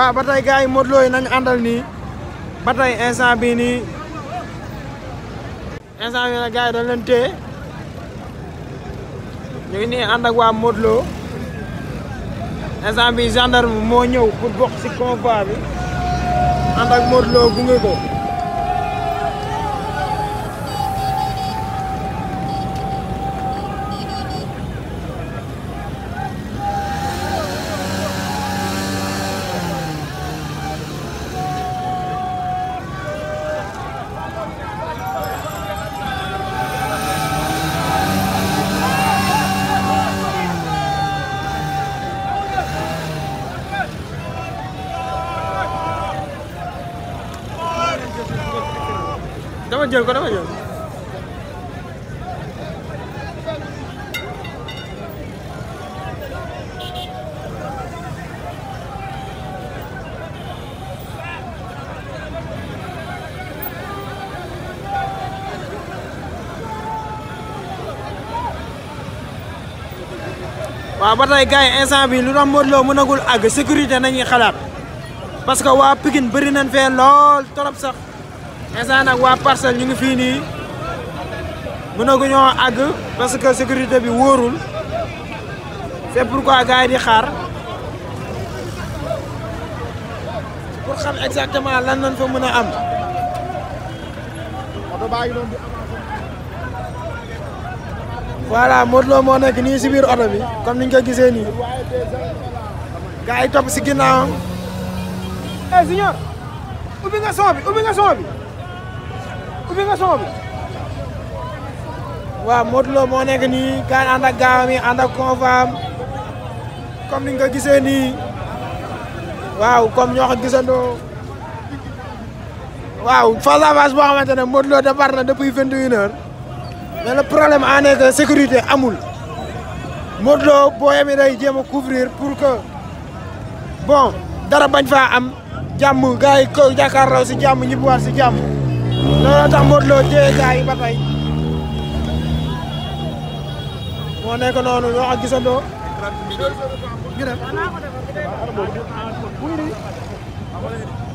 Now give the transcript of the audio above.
waaw ba tey gars yi Modou Lo yi nañu àndal nii ba tey bii nii instant bii nag gars yi dañ leen téye ñu ngi nii ànd ak waa Modou Lo instant bii gendarme moo ñëw pour bokk ci convoi bi ànd ak Modou Lo ko. dama jël ko dama jël. waaw ba tey gars instant bi lu tax Modou Lo mënagul àgg sécurité nañuy xalaat parce que waa Pikine bëri nañ fee lool trop sax. instant nag waa parcelle ñu ngi fii nii mënaguñoo àgg parce que sécurité bi wóorul c'est pourquoi gars yi di xaar pour xam exactement lan lañ fa mën a am. voilà Modou Lo moo nekk nii si biir oto bi comme niñ ko gisee nii gars yi si ginnaawam. eh signor ubbi nga son ubbi nga son bi waaw Modou moo nekk nii gaan ànd ak gaawam yi ànd ak convam comme ko gisee nii waaw comme ñoo ko waaw face à face boo xamante ne Modou Lo départ na depuis vingt et une problème en est que sécurité amul Modou Lo booyam yi day jéem a couvrir pour que bon dara bañ faa am jàmm gars yi ko jàkkaarloo si jàmm ñibbiwaat si jàmm looloo tax Modou Lo jëyee yi ba tey moo nekk noonu ñoo ko gisandoo. ñu